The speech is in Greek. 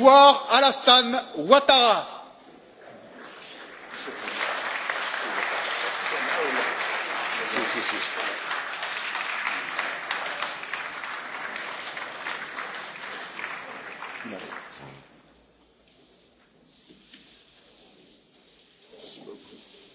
voir Alassane Ouattara. Merci. beaucoup.